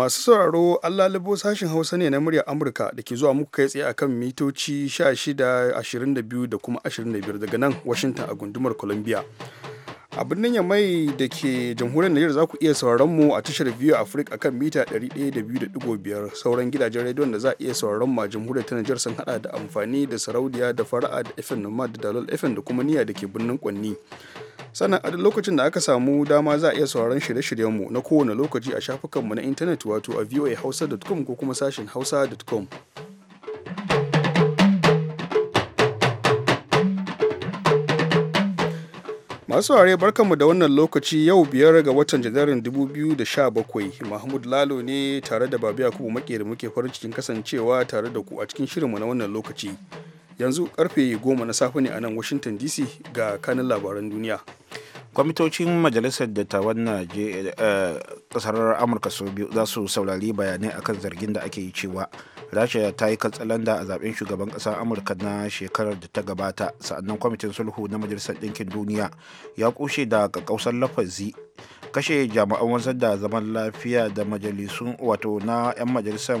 masu sauraro Allah libo sashin Hausa ne na murya Amurka da ke zuwa muku kai tsaye akan mitoci 16, 22 da kuma 25 daga nan Washington a gundumar Columbia. A birnin mai da ke jamhuriyar Najeriya za ku iya sauraron mu a tashar View Africa akan mita 102.5 sauran gidajen rediyon da za a iya sauraron mu a jamhuriyar ta Najeriya sun hada da amfani da sarauniya da fara'a da FM Nomad da Dalol FM da kuma niyya da ke birnin Kwanni. sannan a lokacin da aka samu dama za a iya sauraron shirye-shiryenmu na kowane lokaci a shafukanmu na intanet wato a voahausa.com ko kuma sashen hausa.com masu ware barkanmu da wannan lokaci yau biyar ga watan janairun 2017 mahmud lalo ne tare da babu yakubu makeri muke farin cikin kasancewa tare da ku a cikin shirinmu na wannan lokaci yanzu karfe goma na safe ne a nan washington dc ga kanin labaran duniya kwamitocin majalisar dattawan eh, kasar amurka su biyu za su saurari bayanai akan zargin da ake yi cewa rasha ta yi katsalanda a zaben shugaban kasar amurka na shekarar da ta gabata sa'annan kwamitin sulhu na majalisar ɗinkin duniya ya kushe da kakkausar lafazi kashe jami'an wanzar da zaman lafiya da majalisun wato na 'yan majalisar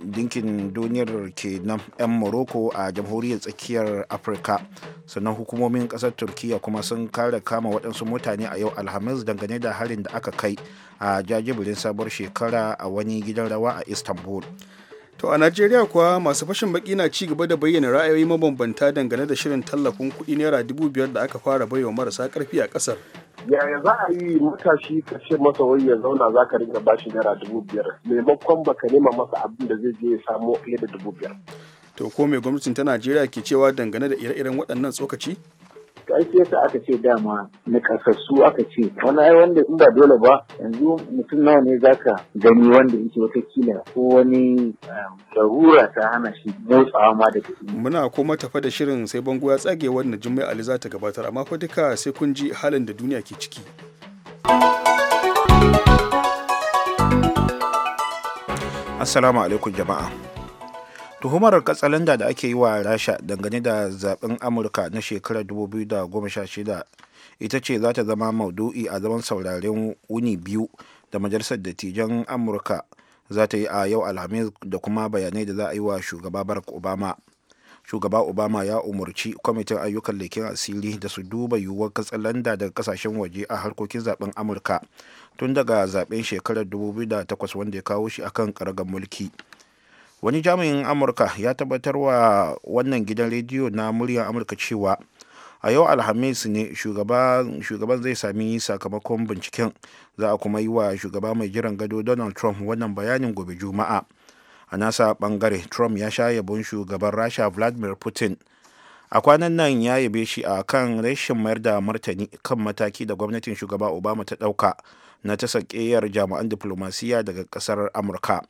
dinkin duniyar ke kenan 'yan morocco a jamhuriyar tsakiyar afirka sannan hukumomin kasar turkiya kuma sun kare kama waɗansu mutane a yau alhamis dangane da harin da aka kai a jajibirin sabuwar shekara a wani gidan rawa a istanbul To a Najeriya kuwa masu fashin baki na ci gaba da bayyana ra'ayoyi mabambanta dangane da shirin tallafin kuɗi naira dubu biyar da aka fara bai wa marasa ƙarfi a ƙasar. Yaya za a yi matashi ka ce masa wai ya zauna za ka ringa bashi naira dubu biyar maimakon baka nema masa abin da zai je ya samo fiye da dubu biyar. To ko mai gwamnatin ta Najeriya ke cewa dangane da ire-iren waɗannan tsokaci? to ai aka ce dama na kasassu aka ce wani ai wanda in ba dole ba yanzu mutum nawa ne zaka gani wanda yake kila ko wani garura um, ta hana shi motsawa ma daga muna kuma tafa da shirin sai bango ya tsage wannan jummai ali za ta gabatar amma fa duka sai kun ji halin da duniya ke ciki assalamu alaikum jama'a tuhumar katsalanda da ake yi wa rasha dangane da zaben amurka na shekarar 2016 ita ce za ta zama maudu'i a zaman sauraren wuni biyu da majalisar dattijan amurka za ta yi a yau alhamis da kuma bayanai da za a yi wa shugaba barack obama shugaba obama ya umarci kwamitin ayyukan leken asiri da su duba yiwuwar katsalanda daga kasashen waje a harkokin zaben amurka tun daga zaben shekarar 2008 wanda ya kawo shi akan karagar mulki. wani jami'in amurka ya tabbatar wa wannan gidan rediyo na muryar amurka cewa a yau alhamis ne shugaban zai sami sakamakon binciken za a kuma yi wa shugaba mai jiran gado donald trump wannan bayanin gobe juma'a a nasa bangare trump ya sha yabon shugaban rasha vladimir putin a kwanan nan ya yabe shi a kan rashin mayar da martani kan mataki da gwamnatin shugaba obama ta ɗauka na ta sakeyar jami'an diplomasiya daga ƙasar amurka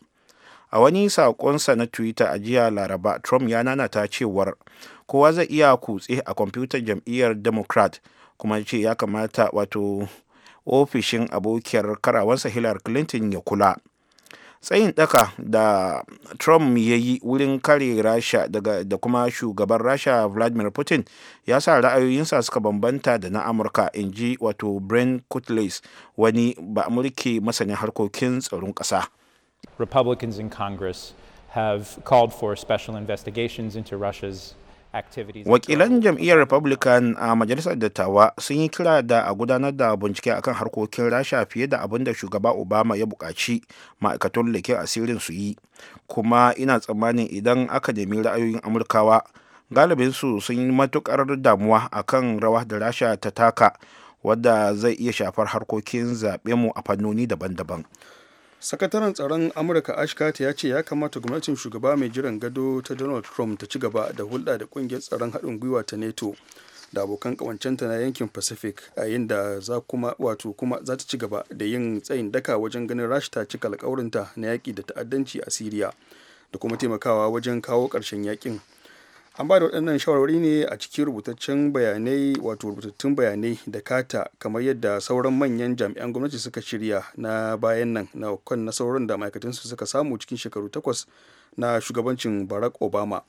a wani saƙonsa na twitter a jiya laraba trump ya nanata cewar kowa zai iya kutse a kwamfutar jam'iyyar democrat kuma ce ya kamata wato ofishin abokiyar karawansa hillary clinton ya kula tsayin daka da trump ya yi wurin kare rasha da kuma shugaban rasha vladimir putin ya sa ra'ayoyinsa suka bambanta da na amurka in ji wato brent kutles wani ba mulki masanin harkokin tsaron ƙasa Republicans in Congress have called for special investigations into Russia's Wakilan jam'iyyar Republican a Majalisar Dattawa sun yi kira da a gudanar da bincike akan harkokin Rasha fiye da abin da shugaba Obama ya buƙaci ma'aikatan leke asirin su yi. Kuma ina tsammanin idan aka nemi ra'ayoyin Amurkawa, galibinsu sun yi matukar damuwa akan rawa da Rasha ta taka wadda zai iya shafar harkokin zaɓe mu a fannoni daban-daban. sakataren tsaron amurka ashkata ya ce ya kamata gwamnatin shugaba mai jiran gado ta donald trump ta ci gaba da hulɗa da ƙungiyar tsaron haɗin gwiwa ta neto da abokan ƙawancenta na yankin pacific a yin da za wato kuma za ta ci gaba da yin tsayin daka wajen ganin rashi ta cika alkawarinta na yaƙi da ta'addanci a siriya da kuma taimakawa wajen kawo ƙarshen yaƙin an ba da waɗannan shawarwari ne a cikin rubutaccen bayanai wato rubutattun bayanai da kata kamar yadda sauran manyan jami'an gwamnati suka shirya na bayan nan na kan na sauran da ma'aikatansu suka samu cikin shekaru takwas na shugabancin barack obama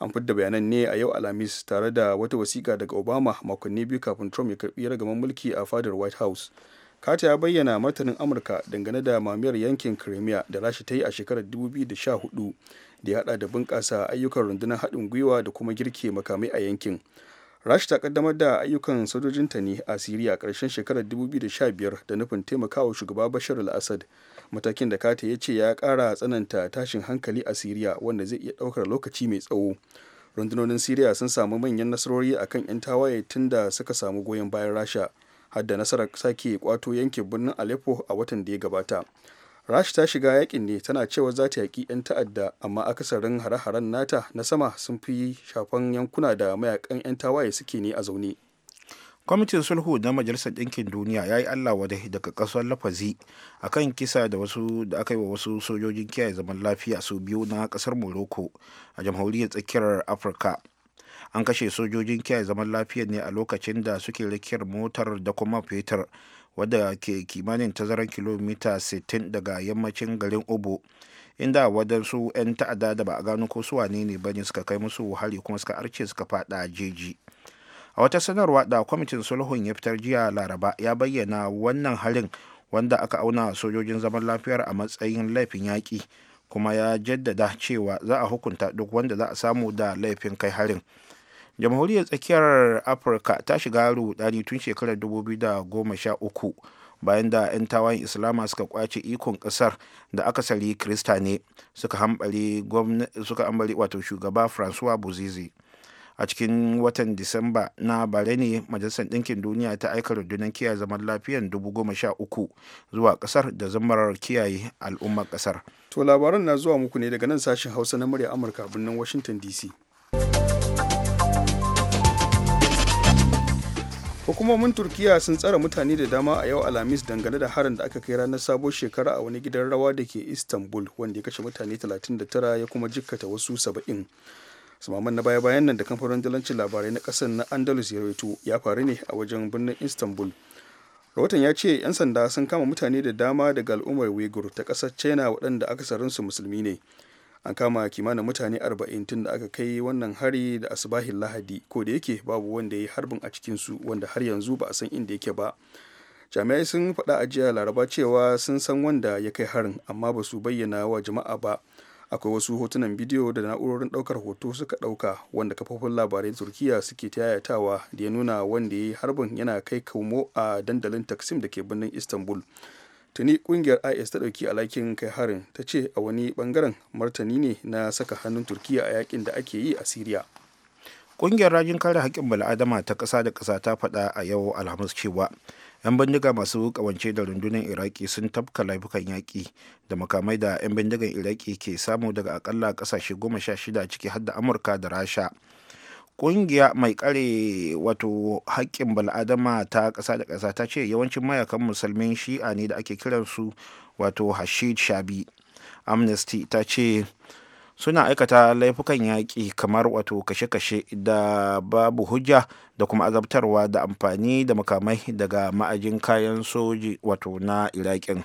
an fi da bayanan ne a yau alhamis tare da wata wasiƙa daga obama makonni biyu kafin trump ya karɓi ragaman mulki a fadar white house kata ya bayyana martanin amurka dangane da mamiyar yankin crimea da rasha ta yi a shekarar 2014 da ya hada da bunƙasa ayyukan rundunar haɗin gwiwa da kuma girke makamai a yankin rashi ta kaddamar da ayyukan sojojinta ne a siriya ƙarshen shekarar 2015 da nufin taimakawa shugaba bashar al-assad matakin da kata ya ce ya ƙara tsananta tashin hankali a siriya wanda zai iya ɗaukar lokaci mai tsawo rundunonin siriya sun samu manyan nasarori akan 'yan tawaye tun da suka samu goyon bayan rasha har da nasarar sake kwato yankin birnin aleppo a watan da ya gabata rasha ta shiga yakin ne tana cewa za ta yaƙi 'yan ta'adda amma akasarin hare-haren nata na sama sun fi shafan yankuna da mayakan 'yan tawaye suke ne a zaune kwamitin sulhu na majalisar ɗinkin duniya ya yi allah wadai daga ƙasar lafazi a kan kisa da wasu da aka yi wa wasu sojojin kiyaye zaman lafiya su biyu na ƙasar morocco a jamhuriyar tsakiyar afirka an kashe sojojin kiyaye zaman lafiya ne a lokacin da suke rikiyar motar da kuma fetur wadda ke kimanin tazarar kilomita 60 daga yammacin garin obo inda wadansu 'yan ta'adda da ba a gano ko suwa ne ne bane suka kai musu hari kuma suka arce suka fada jeji a wata sanarwa da kwamitin sulhun ya fitar jiya laraba ya bayyana wannan harin wanda aka auna sojojin zaman lafiyar a matsayin laifin yaƙi kuma ya jaddada cewa za a hukunta duk wanda za a samu da laifin kai harin jamhuriyar tsakiyar afirka ta shiga rudani tun shekarar 2013 bayan da 'yan tawayen islama suka kwace ikon kasar da akasari krista ne suka hambali wato shugaba francois buzizi a cikin watan disamba na bare ne majalisar ɗinkin duniya ta aika rundunar kiyaye zaman lafiyan uku zuwa kasar da zamar kiyaye al'ummar kasar. to labaran na zuwa muku ne daga nan sashen hausa na murya amurka birnin washington dc hukumomin turkiya sun tsara mutane da dama a yau alhamis dangane da harin da aka kai ranar sabuwar shekara a wani gidan rawa da ke istanbul wanda ya kashe mutane 39 ya kuma jikkata wasu 70 samaman na baya-bayan nan da kamfanin dalancin labarai na kasar na andalus ya ya faru ne a wajen birnin istanbul rahoton ya ce 'yan sanda sun kama mutane da dama daga al'ummar uyghur ta kasar china waɗanda akasarinsu musulmi ne an kama kimanin mutane 40 tun da aka kai wannan hari da asibahin lahadi ko da yake babu wanda ya yi harbin a cikinsu wanda har yanzu ba a san inda yake ba jami'ai sun faɗa a jiya laraba cewa sun san wanda ya kai harin amma ba su bayyana wa jama'a ba akwai wasu hotunan bidiyo da na'urorin ɗaukar hoto suka ɗauka wanda kafofin labarai turkiya suke ta tayatawa da ya nuna wanda ya yi harbin yana kai komo a dandalin taksim da ke birnin istanbul tuni kungiyar is ta dauki alhakin kai harin ta ce a wani bangaren martani ne na saka hannun turkiya a yakin da ake yi a syria kungiyar rajin kare haƙƙin bala'adama ta ƙasa da ƙasa ta faɗa a yau alhamis cewa 'yan bindiga masu ƙawance da rundunar iraki sun tafka laifukan yaƙi da makamai da 'yan bindigan iraki ke samu daga aƙalla ƙasashe goma sha shida ciki har da amurka da rasha kungiya mai kare wato haƙƙin bal'adama ta ƙasa da ƙasa ta ce yawancin mayakan musulmin shi'a ne da ake kiransu wato hashid shabi amnesty ta ce suna aikata laifukan yaƙi kamar wato kashe-kashe da babu hujja da kuma azabtarwa da amfani da makamai daga ma'ajin kayan soji wato na iraƙin.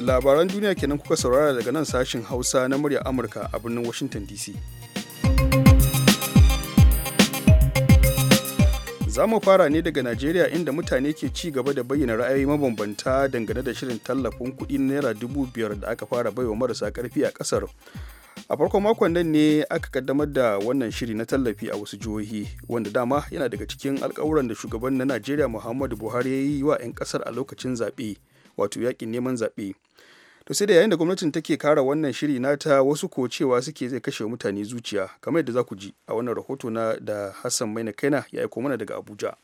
labaran duniya kenan kuka saurara daga nan sashin hausa na murya amurka a birnin washington dc za mu fara ne daga najeriya inda mutane ke ci gaba da bayyana ra'ayoyi mabambanta dangane da shirin tallafin kuɗi naira dubu biyar da aka fara baiwa marasa karfi a ƙasar a farkon makon nan ne aka kaddamar da wannan shiri na tallafi a wasu jihohi wanda dama yana daga cikin alkawuran da shugaban na najeriya muhammadu buhari ya yi wa 'yan ƙasar a lokacin zaɓe wato yaƙin neman zaɓe to sai da yayin da gwamnatin take kara wannan shiri nata wasu ko cewa suke zai kashe mutane zuciya kamar yadda za ku ji a wannan rahoto na da hassan maina kaina ya aiko mana daga abuja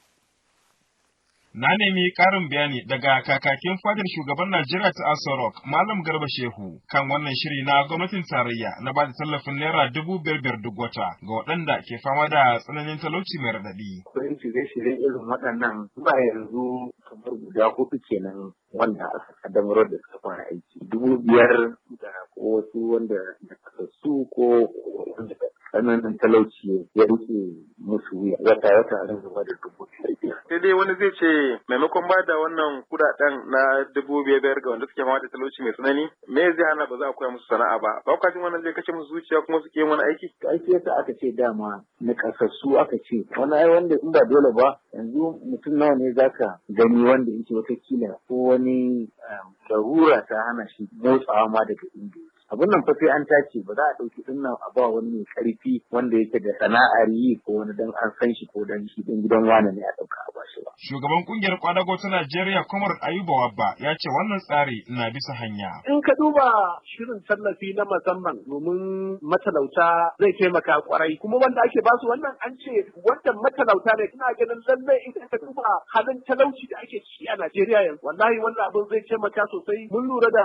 Na nemi karin bayani daga kakakin fadar shugaban Najeriya ta Asorok, Malam Garba Shehu, kan wannan shiri na gwamnatin tarayya na ba da tallafin naira dubu biyar biyar duk wata ga waɗanda ke fama da tsananin talauci mai raɗaɗi. Kudin shirye-shirye irin waɗannan ba yanzu kamar guda hudu kenan wanda aka kaddamar da suka fara aiki. Dubu biyar da ko wasu wanda da kasassu ko wanda tsananin talauci ya rike musu wuya wata wata ran gaba da dubu biyar. Sai dai wani zai ce maimakon ba da wannan kudaden na dubu biyar biyar ga wanda suke ma da talauci mai tsanani me zai hana ba za a koya musu sana'a ba ba kwa jin wannan zai kashe musu zuciya kuma suke yin wani aiki. Aiki yasa aka ce dama na kasassu aka ce wani ai wanda in ba dole ba yanzu mutum nawa ne zaka gani wanda yake kila ko wani garura eh, ta hana shi motsawa ma daga inda abin nan fa sai an tace ba za a ɗauki ɗin nan a ba wani mai ƙarfi wanda yake da sana'ar yi ko wani dan an san shi ko dan shi gidan wane ne a ɗauka a ba shi ba. Shugaban kungiyar kwadago ta Najeriya Komar Ayuba Wabba ya ce wannan tsari na bisa hanya. In ka duba shirin tallafi na musamman domin matalauta zai taimaka kwarai kuma wanda ake ba su wannan an ce wanda matalauta ne ina ganin lallai in ka duba halin talauci da ake ciki a Najeriya yanzu wallahi wannan abin zai taimaka sosai mun lura da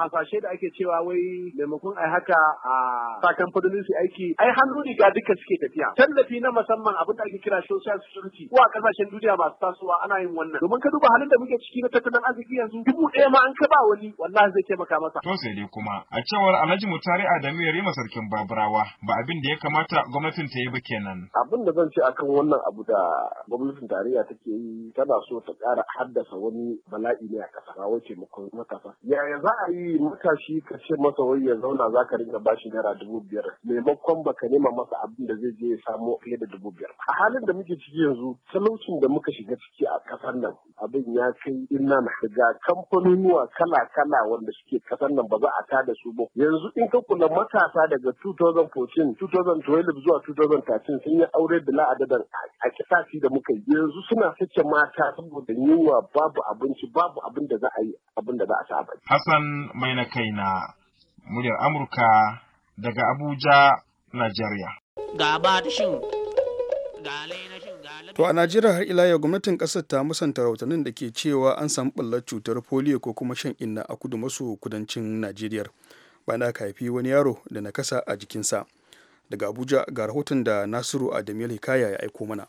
hasashe da ake cewa wai maimakon ai haka a sa kamfanonin su aiki ai hannu riga duka suke tafiya tallafi na musamman abin da ake kira social security ko a kasashen duniya masu tasowa ana yin wannan domin ka duba halin da muke ciki na tattalin arziki yanzu dubu ɗaya ma an ka ba wani wallahi zai taimaka masa to sai dai kuma a cewar Alhaji Mutare Adamu ya rima sarkin Baburawa ba abin da ya kamata gwamnatin ta yi ba kenan abin da zan ce akan wannan abu da gwamnatin tarayya take yi tana so ta ƙara haddasa wani bala'i ne a ƙasa ba wace matasa yaya za a yi matashi ka masa wai ya zauna za ka ringa bashi naira dubu biyar maimakon baka nema masa abin da zai je ya samu fiye da dubu biyar a halin da muke ciki yanzu talaucin da muka shiga ciki a kasar nan abin ya kai inna na shiga kamfanonuwa kala kala wanda suke kasar nan ba za a tada su ba yanzu in ka kula matasa daga 2014 2012 zuwa 2013 sun yi aure da la'adadan a kisasi da muka yi yanzu suna sace mata saboda yunwa babu abinci babu abin da za a yi abin da za a saba. Hassan mai na kaina muryar Amurka daga Abuja, Najeriya. To a Najeriya har ila yau gwamnatin ƙasar ta musanta rahotannin da ke cewa an samu ɓallar cutar polio ko kuma shan inna a kudu maso kudancin Najeriya. Bayan aka haifi wani yaro da na kasa a jikinsa. Daga Abuja ga rahoton da Nasiru Adamiyal Hikaya ya aiko mana.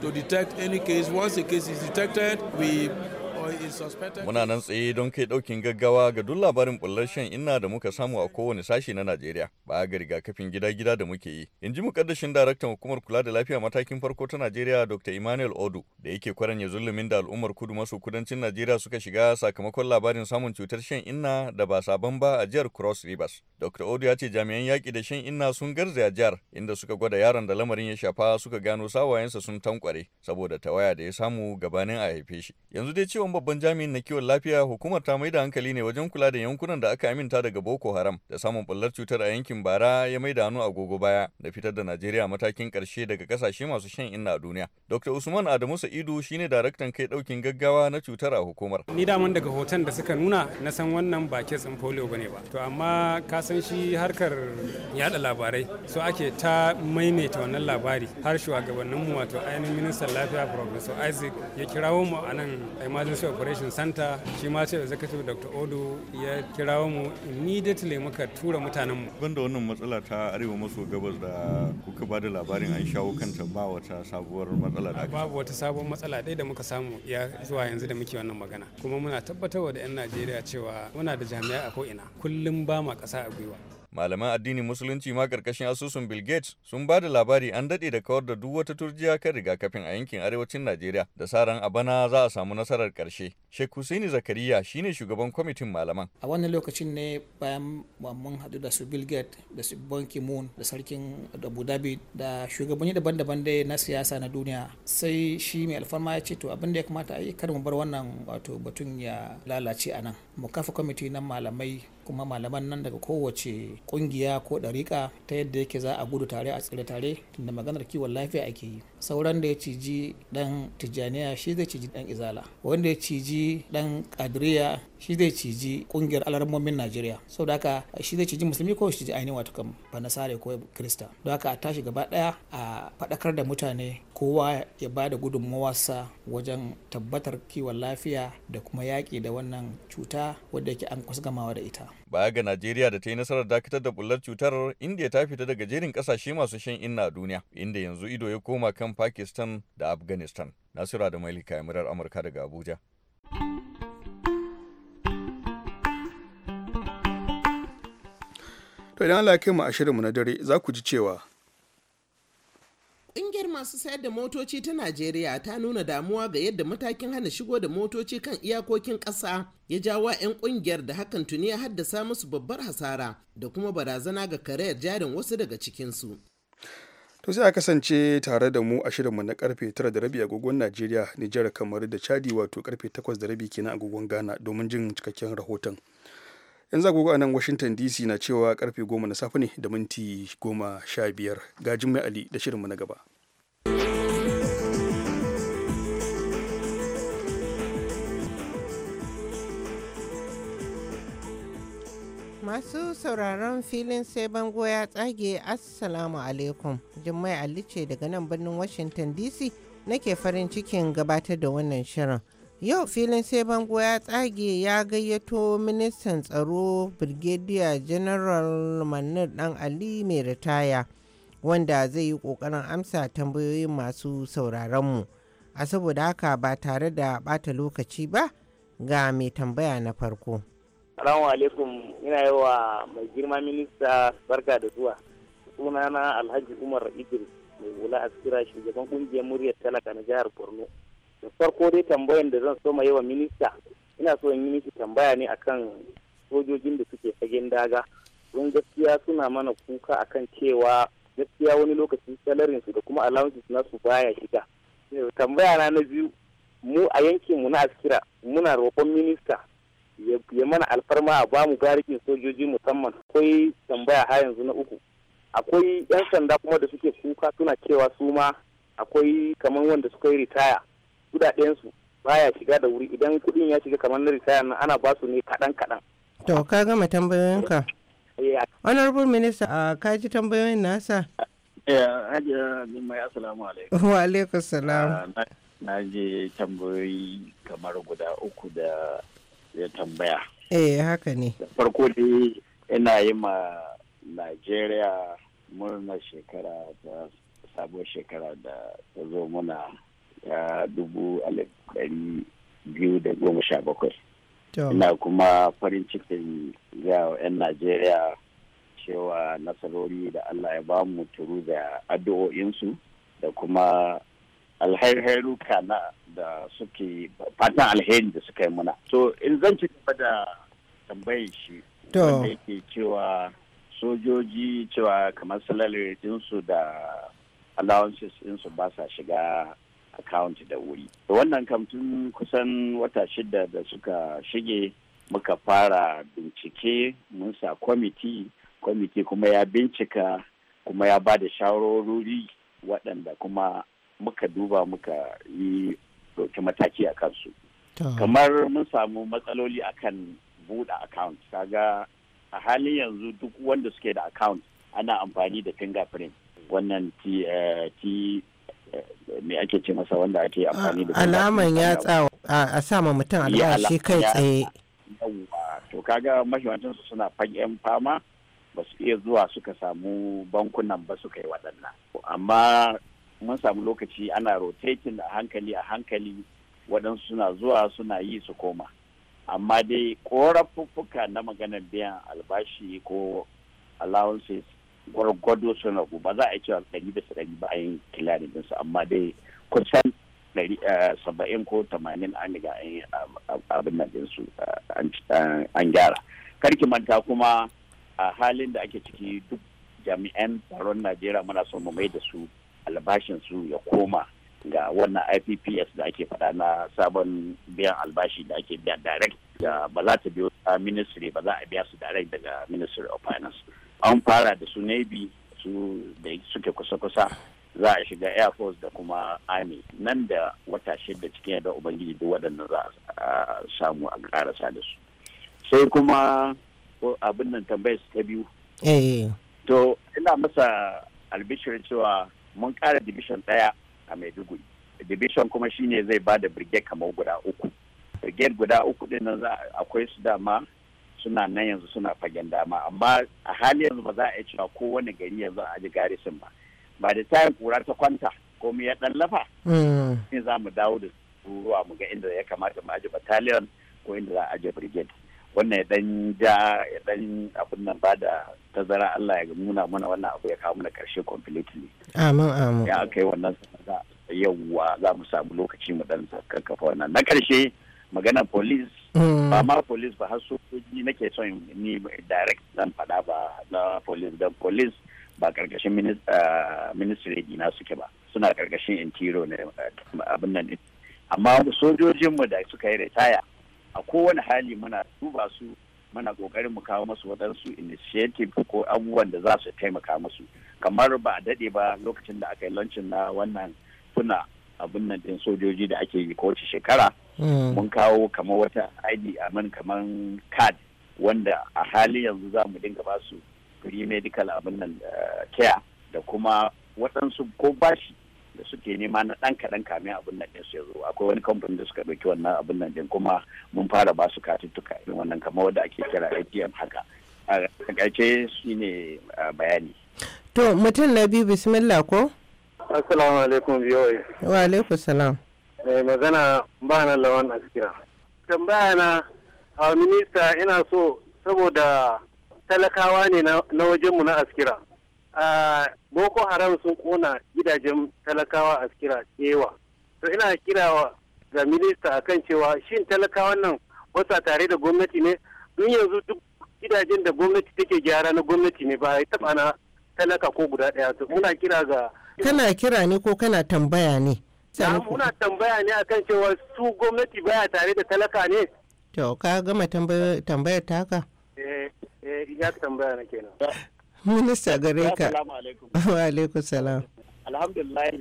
To detect any case, once a case is detected, we Muna nan tsaye don kai ɗaukin gaggawa ga duk labarin bullar shan inna da muka samu a kowane sashe na Najeriya ba ga rigakafin gida-gida da muke yi. In ji mukaddashin daraktan hukumar kula da lafiya matakin farko ta Najeriya Dr. Emmanuel Odu da yake kwaran ya zulumin da al'ummar kudu maso kudancin Najeriya suka shiga sakamakon labarin samun cutar shan inna da ba sabon ba a jihar Cross Rivers. Dr. Odu ya ce jami'an yaƙi da shan inna sun garzaya jihar inda suka gwada yaron da lamarin ya shafa suka gano sawayensa sun tankware saboda tawaya da ya samu gabanin a haife shi. Yanzu dai cewa babban jami'in na kiwon lafiya hukumar ta maida hankali ne wajen kula da yankunan da aka aminta daga Boko Haram da samun bullar cutar a yankin bara ya mai da hannu agogo baya da fitar da Najeriya matakin karshe daga kasashe masu shan inna a duniya. Dr. Usman Adamu Sa'idu shine daraktan kai ɗaukin gaggawa na cutar a hukumar. Ni daman daga hoton da suka nuna na san wannan ba kitsin polio bane ba. To amma ka san shi harkar yada labarai so ake ta maimaita wannan labari har shugabanninmu wato ainihin ministan lafiya Professor Isaac ya kirawo mu a nan emergency Agushi Operation Center shi ma ce executive Dr. Odu ya kirawo mu immediately muka tura mutanen mu. Banda wannan matsala ta arewa maso gabas da kuka ba da labarin an shawo kanta ba wata sabuwar matsala da Babu wata sabuwar matsala dai da muka samu ya zuwa yanzu da muke wannan magana. Kuma muna tabbatarwa da 'yan Najeriya cewa muna da jami'a a ko'ina kullum ba ma ƙasa a gwiwa. malaman addinin musulunci ma karkashin asusun bill gates sun ba da labari an daɗe da kawar da duk wata turjiya kan rigakafin a yankin arewacin najeriya da sa ran a bana za a samu nasarar karshe sheikh husaini zakariya shine shugaban kwamitin malaman a wannan lokacin ne bayan mun haɗu da su bill gates da su ban moon da sarkin abu dhabi da shugabanni daban-daban dai na siyasa na duniya sai shi mai alfarma ya ce to abin da ya kamata a yi kar mu bar wannan wato batun ya lalace a nan mu kafa kwamiti na malamai kuma malaman nan daga kowace kungiya ko ɗariƙa ta yadda yake za a gudu tare a tsire tare tunda maganar kiwon lafiya ake yi sauran da ya ciji dan tijjaniya shi zai ciji dan izala wanda ya ciji dan kadiriya shi zai ciji kungiyar alarmomin najeriya sau da haka shi zai ciji musulmi ko shi ciji ainihin wato kan banasare ko krista da haka a tashi gaba daya a faɗakar da mutane kowa ya ba da sa wajen tabbatar kiwon lafiya da kuma yaƙi da wannan cuta wadda yake an kusa gamawa da ita baya ga najeriya da ta yi nasarar dakatar da bullar cutar india ta fita daga jerin kasashe masu shan inna a duniya inda yanzu ido ya koma kan pakistan da afghanistan nasira da mailika murar amurka daga abuja to idan Allah ya kai mu a shirinmu na dare za ku ji cewa Ƙungiyar masu sayar da motoci ta Najeriya ta nuna damuwa ga yadda matakin hana shigo da motoci kan iyakokin ƙasa ya jawa 'yan ƙungiyar da hakan tuni ya haddasa musu babbar hasara da kuma barazana ga karayar jarin wasu daga cikinsu. To sai a kasance tare da mu a shirinmu na karfe tara da rabi agogon Najeriya, Nijar kamar da Chadi wato karfe 8 da rabi kenan agogon Ghana domin jin cikakken rahoton. yanzu agogo a nan washington dc na cewa karfe goma na safe ne da minti goma ga jimmy ali da shirinmu na gaba masu sauraron filin sai bango ya tsage assalamu alaikum jummai ali ce daga nan birnin washington dc nake farin cikin gabatar da wannan shirin yau filin sai bango ya tsage ya gayyato ministan tsaro birgediya general manir dan ali mai ritaya wanda zai yi kokarin amsa tambayoyin masu sauraronmu a saboda haka ba tare da bata lokaci ba ga mai tambaya na farko salamu alaikum ina yi wa mai girma minista barka da zuwa sunana alhaji umar idris mai hula askira shugaban kungiyar muryar talaka na jihar borno da farko dai tambayan da zan so ma yi minista ina so in yi miki tambaya ne akan sojojin da suke fagen daga don gaskiya suna mana kuka akan cewa gaskiya wani lokaci salarin su da kuma allowances su baya shiga eh, tambaya na na biyu mu a yankin mu na askira muna roƙon minista ya mana alfarma a bamu garikin sojoji musamman akwai tambaya har yanzu na uku akwai yan sanda kuma da suke kuka suna cewa su ma akwai kamar wanda suka yi ritaya kudadensu su baya shiga da wuri idan kudin ya shiga kamar na ritaya nan ana ba su ne kaɗan kaɗan. to ka gama tambayoyinka eh, honorable minister a ka ji tambayoyin nasa eh, hajiya mai assalamu alaikum wa alaikum salam ah, na je tambayoyi kamar guda uku da ya tambaya eh haka ne farko dai ina yi ma najeriya murnar shekara ta sabuwar shekara da ta zo muna ta dubu biyu da goma sha bakwai. Ina kuma farin cikin ga 'yan Najeriya cewa nasarori da Allah ya ba mu turu da addu'o'insu da kuma alhairuka kana da suke fatan alheri da suka yi muna. To in zan ci gaba da tambayin shi wanda yake cewa sojoji cewa kamar salari da allowances ɗinsu ba sa shiga account da wuri wannan kam kusan wata shida da suka shige muka fara bincike mun sa kwamiti kwamiti kuma ya bincika kuma ya ba da shawarori waɗanda kuma muka duba muka yi ɗauki mataki a kansu kamar mun samu matsaloli akan buɗe account kaga a halin yanzu duk wanda suke da account ana amfani da fingerprint wannan eh, me ake ce masa wanda ake amfani da alaman ya tsawa a sama mutum albashi kai tsaye to kaga mahimmancin su suna fagen fama ba su iya zuwa suka samu bankunan ba su kai waɗannan amma mun samu lokaci ana rotating a hankali a hankali waɗansu suna zuwa suna yi su koma amma dai korafuffuka na maganar biyan albashi ko allowances gwargwado suna ba za a cewa ɗari bisa ɗari ba a yin kilari su amma dai kusan eh, saba'in ko tamanin an riga an ah, ah, abin nan su ah, an gyara karki manta kuma a halin da ake ciki duk jami'an tsaron najeriya muna son mu mai da su albashin su ya koma ga wannan ipps da ake faɗa na sabon biyan albashi da ake biya direct da ba za ta biyo ministry ba za a biya su direct daga ministry of finance an fara da su navy su da suke kusa-kusa za a shiga air force da kuma army nan da wata shida cikin yadda ubangiji duk waɗannan za a samu a karasa da su sai kuma abin nan tambayar su ta biyu eh. to ina masa albishir cewa mun ƙara division ɗaya a maiduguri division kuma shine zai ba da brigade kamar guda uku brigade guda uku din nan akwai su dama suna nan yanzu suna fagen dama amma a hali yanzu ba za a yi cewa kowane gari yanzu a ji garisin ba ba da tayin kura ta kwanta ko mu ya dan lafa ne mm. za mu dawo da ruwa mu ga inda ya kamata mu aje battalion ko inda za a aje brigade wannan ya dan ja ya dan abun nan ba da tazara Allah ya nuna mana wannan abu ya kawo mana karshe completely amin amin ya kai wannan yauwa za mu samu lokaci mu dan kakkafa wannan na karshe magana police Mm. ba ma police ba har sojoji nake son ni direct zan faɗa ba na police police ba karkashin ah, ministry na suke ba suna karkashin interior ne abin nan amma sojojinmu da suka yi ritaya a kowane hali muna duba su muna kokarin mu kawo masu waɗansu initiative ko abubuwan da za su taimaka musu kamar ba a daɗe ba lokacin da aka yi lancin na wannan kuna abin nan ɗin sojoji da ake yi kowace shekara Mm. mun kawo kamar wata id man kamar card wanda a hali yanzu za mu dinga ba su free medical abin nan eh, care da kuma waɗansu ko bashi da suke nema na ɗan kaɗan kame abin nan ɗin su yanzu akwai wani kamfanin da suka ɗauki wannan abin nan ɗin kuma mun fara ba su katuttuka irin wannan kamar wanda ake kira atm haka a ƙarshe shi ne eh, bayani to mutum na biyu bismillah ko assalamu alaikum biyoyi wa alaikum salam mai eh, magana ba nan lawan askira tambaya na a minista ina so saboda talakawa ne na wajenmu na askira a boko haram sun kona gidajen talakawa askira cewa to ina kirawa ga minista akan cewa shin talakawan nan wasa tare da gwamnati ne in yanzu duk gidajen da gwamnati take gyara na gwamnati ne ba ya taba na talaka ko guda daya to muna kira ga kana kira ne ko kana tambaya ne muna tambaya ne akan cewa su gwamnati baya tare da talaka ne to ka gama tambayar ta haka eh eh ya tambaya na kenan minista gare ka wa alaikum salam alhamdulillah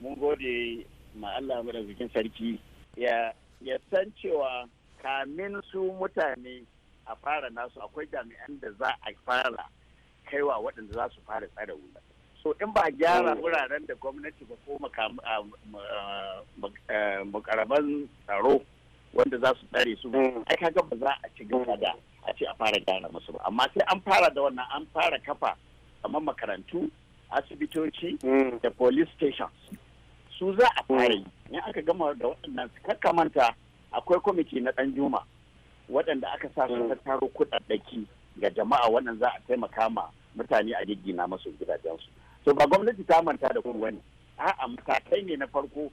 mun gode ma Allah mu da bikin sarki ya ya san cewa kamin su mutane a fara nasu akwai jami'an da za a fara kaiwa waɗanda za su fara tsada wuta so in ba gyara mm. wuraren da gwamnati ba ko ah, ah, eh, makaraban tsaro wanda za su tsare su mm. ai kaga ba za a ci gaba da a ce a fara gyara masu ba amma sai an fara da wannan an fara kafa kamar makarantu asibitoci mm. da police stations su za a fara yi in aka gama da waɗannan kakka manta akwai kwamiti na ɗan juma waɗanda aka sa su ta taro kuɗaɗɗaki ga jama'a wannan za a taimaka ma mutane a giggina masu gidajensu so ba gwamnati ta manta da kowa ne a'a matakai ne na farko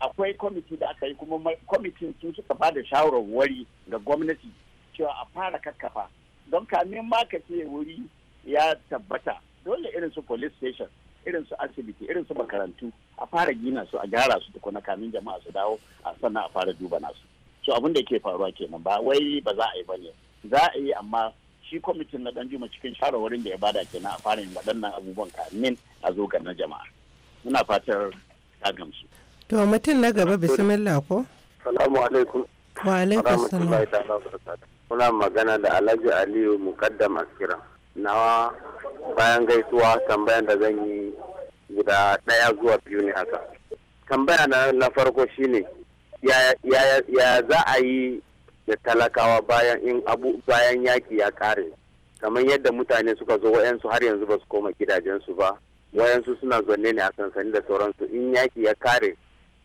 akwai kwamiti da aka yi kuma kwamitin sun suka ba da shawarwari ga gwamnati cewa a fara kakkafa don kamin ma ka ce wuri ya tabbata dole irin su police station irin su asibiti irin su makarantu a fara gina su a gyara su tukuna kamin jama'a su dawo a sannan a fara duba nasu so abin da ke faruwa kenan ba wai ba za a yi ba ne za a yi amma shi kwamitin na dan juma cikin shawarwarin da ya bada kenan a fara yin waɗannan abubuwan kamin a zo ga na jama'a muna fatar ta gamsu to mutum na gaba bismillah ko salamu alaikum wa alaikum salam kuna magana da alhaji aliyu mukaddam askira nawa bayan gaisuwa tambayan da zan yi guda daya zuwa biyu ne haka tambaya na farko shine ya za a yi da talakawa bayan in abu bayan yaki ya kare kamar yadda mutane suka zo wa'yansu har yanzu ba su koma gidajensu ba wayansu suna zanne ne a sansani da sauransu in yaki ya kare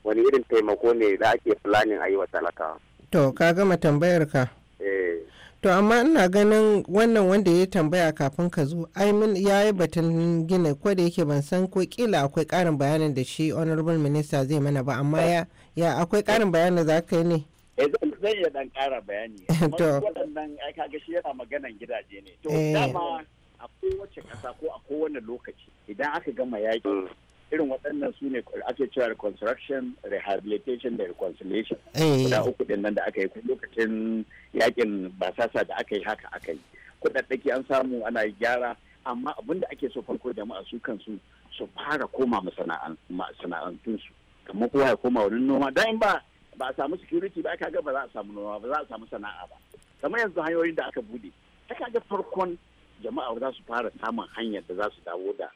wani irin taimako ne da ake planning a yi wa talakawa. To ka gama tambayar ka? Eh. To amma ina ganin wannan wanda ya tambaya kafin ka zo ai min ya yi batun gina ko da yake ban san ko kila akwai karin bayanin da shi honorable minister zai mana ba amma ya ya akwai karin bayanin za ka yi ne. Eh zai iya dan kara bayani. To. Waɗannan ai kaga shi yana maganan gidaje ne. To eh. dama akwai wacce ƙasa ko a kowane lokaci idan aka gama yaƙi mm. irin waɗannan su ne ake cewa reconstruction rehabilitation da reconciliation eh. guda uku din nan da aka yi lokacin yakin basasa da aka yi haka aka yi kudaddaki an samu ana gyara amma abin da ake so farko jama'a su kansu su fara koma masana'antunsu kamar kowa ya koma wurin noma don in ba a samu security ba ka ga ba za a samu noma ba za a samu sana'a ba kamar yanzu hanyoyin da aka bude aka ga farkon jama'a za su fara samun hanyar da za su dawo da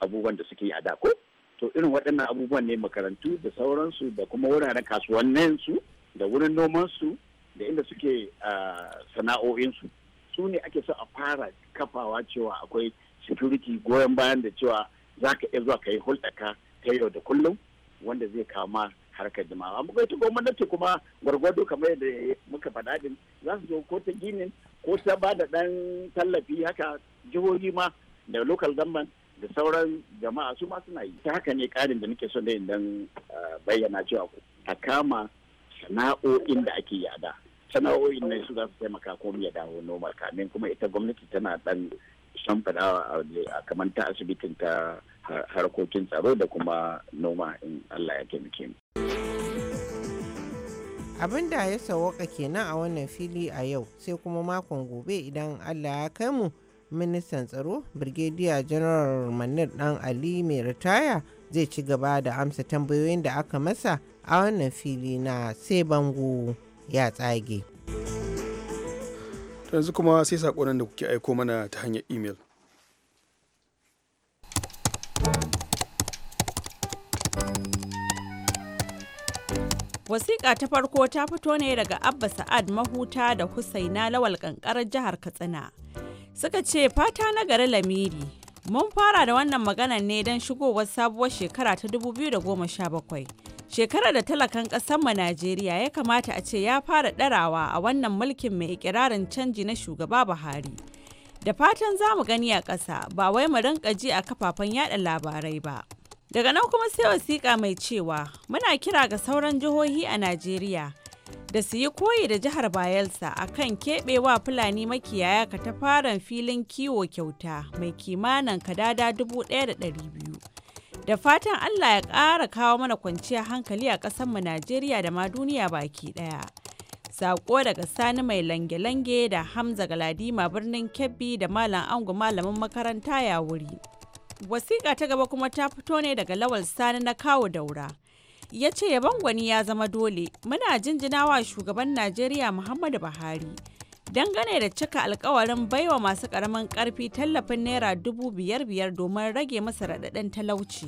abubuwan da suke a da ko to irin waɗannan abubuwan ne makarantu da sauransu da kuma wuraren kasuwanninsu da wurin noman su da inda suke sana'o'insu su ne ake so a fara kafawa cewa akwai security goyon bayan da cewa za ka iya zuwa ka yi hulɗaka ta yau da kullum wanda zai kama harkar jama'a amma ita gwamnati kuma gwargwado kamar yadda muka faɗa din za su zo ko ta ginin ko ta ba da ɗan tallafi haka jihohi ma da local government da sauran jama'a su ma suna yi ta haka ne karin da nake son da idan bayyana cewa a kama sana'o'in da ake yada sana'o'in ne su za su taimaka komai ya dawo normal kamin kuma ita gwamnati tana dan fada uh, a kamar ta asibitin ta harkokin tsaro da kuma noma in Allah ya taimake mu. Abin da ya sawaka kenan a wannan fili a yau sai kuma makon gobe idan Allah ya kai mu. ministan tsaro brigadier general manir dan ali mai ritaya zai ci gaba da amsa tambayoyin da aka masa a wannan fili na sai bango ya tsage yanzu kuma sai nan da kuke aiko mana ta hanyar imel Wasiƙa ta farko ta fito ne daga Abba Sa'ad Mahuta da Husaina Lawal ƙanƙarar jihar Katsina. Suka ce fata na gari lamiri. Mun fara da wannan maganar ne don shigowar sabuwar shekara ta 2017. Shekarar da talakan mu Najeriya ya kamata a ce ya fara ɗarawa a wannan mulkin mai ikirarin canji na shugaba Buhari. Da fatan za mu gani a ƙasa ba wai mu rinka ji a kafafen yada labarai ba. Daga nan kuma sai wasiƙa mai cewa muna kira ga sauran jihohi a Najeriya da su yi koyi da jihar Bayelsa a kan keɓewa Fulani makiyaya ka ta katafaren filin kiwo kyauta mai kimanin kadada 1,200. Da fatan Allah ya ƙara kawo mana kwanciyar hankali a ƙasanmu Najeriya da ma duniya baki ɗaya. Saƙo daga Sani mai lange-lange da Hamza Galadima birnin Kebbi da Malam Angu malamin makaranta ya wuri. Wasiƙa ta gaba kuma ta fito ne daga Lawal Sani na kawo daura. ya ce yaban gwani ya zama dole muna jinjinawa shugaban najeriya muhammadu buhari dangane da cika alkawarin baiwa masu karamin karfi tallafin naira dubu biyar biyar domin rage masa raɗaɗin talauci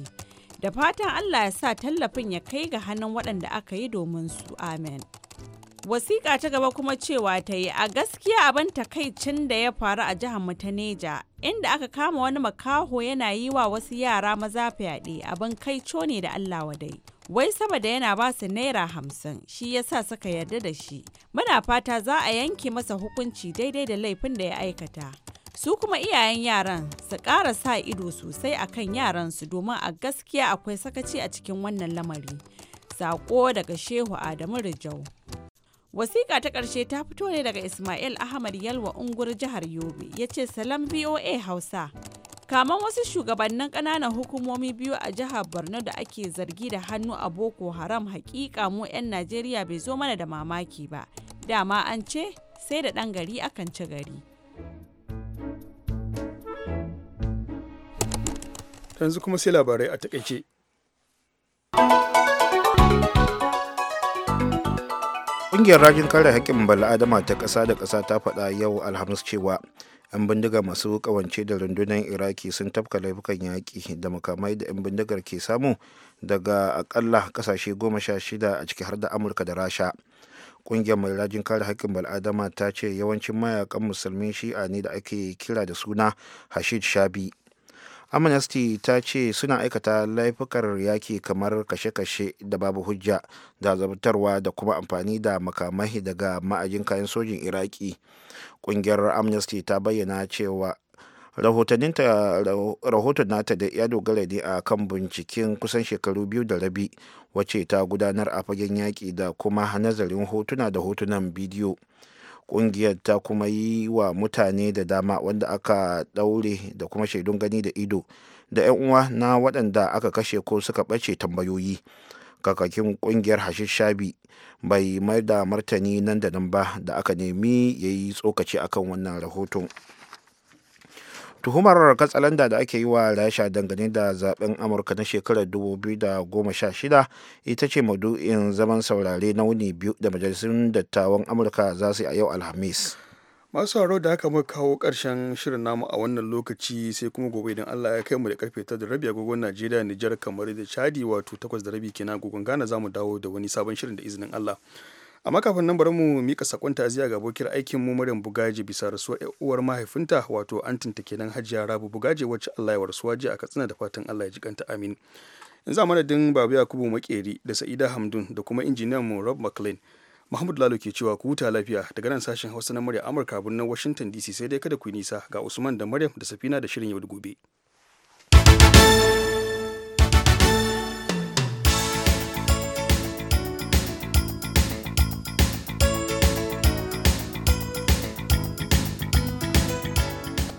da fatan allah ya sa tallafin ya kai ga hannun waɗanda aka yi domin su amen wasiƙa ta gaba kuma cewa ta yi a gaskiya abin takaicin da ya faru a jihar mu ta neja inda aka kama wani makaho yana yi wa wasu yara maza fyaɗe abin kaico ne da allah wadai wai sama da yana ba su naira hamsin shi ya sa suka yarda da shi muna fata za a yanke masa hukunci daidai da laifin da ya aikata su kuma iyayen yaran su ƙara sa ido sosai a akan yaransu domin a gaskiya akwai sakaci a cikin wannan lamari sako daga shehu adamu rijau wasiƙa ta ƙarshe ta fito ne daga ismail ahmad yalwa ungur jihar yobe ya ce salam voa hausa kaman wasu shugabannin kananan hukumomi biyu a jihar borno da ake zargi da hannu a boko haram hakika mu 'yan najeriya bai zo mana da mamaki ba dama an ce sai da ɗan gari akan ci gari yanzu kuma sai labarai a takaice ƙungiyar rajin kare haƙƙin bala'adama ta ƙasa da ƙasa ta faɗa yau alhamis cewa 'yan bindiga masu kawance da rundunar iraki sun tafka laifukan yaƙi da makamai da 'yan bindigar ke samu daga akalla kasashe goma sha shida a ciki har da amurka da rasha ƙungiyar mai rajin kare haƙƙin bal'adama ta ce yawancin mayakan musulmin shi'a ne da ake kira da suna hashid shabi amnesty ta ce suna aikata laifukar yaki kamar kashe-kashe da babu hujja da zabtarwa da kuma amfani da makamai daga ma'ajin kayan sojin iraki ƙungiyar amnesty ta bayyana cewa rahoton nata da ya dogara ne a kan binciken kusan shekaru biyu da rabi wacce ta gudanar a fagen yaƙi da kuma nazarin hotuna da hotunan bidiyo kungiyar ta kuma yi wa mutane da dama wanda aka daure da kuma shaidun gani da ido da 'yan uwa na waɗanda aka kashe ko suka ɓace tambayoyi kakakin kungiyar hashish shabi bai mai da martani nan da nan ba da aka nemi ya yi tsokaci akan wannan rahoton. tuhumar katsalanda da ake yi wa rasha dangane da zaben amurka na shekarar 2016 ita ce madu'in zaman saurare na wuni biyu da majalisun dattawan amurka za su yi a yau alhamis masu haro da aka muka kawo karshen shirin namu a wannan lokaci sai kuma gobe idan allah ya kai mu da karfe ta da rabi agogon najeriya nijar kamar da chadi wato takwas da rabi kenan agogon ghana za mu dawo da wani sabon shirin da izinin allah amma kafin nan bari mu mika sakon ta'aziyya ga abokin aikin mu Maryam Bugaje bisa rasuwar ƴar uwar mahaifinta wato antin ta kenan Hajiya Rabu Bugaje wacce Allah ya warsuwa ji a Katsina da fatan Allah ya jikanta amin yanzu a madadin Babu Yakubu Makeri da Sa'ida Hamdun da kuma injiniyan mu Rob McLean Mahmud Lalo ke cewa ku huta lafiya daga nan sashen Hausa na murya Amurka birnin Washington DC sai dai kada ku yi nisa ga Usman da Maryam da Safina da shirin yau da gobe.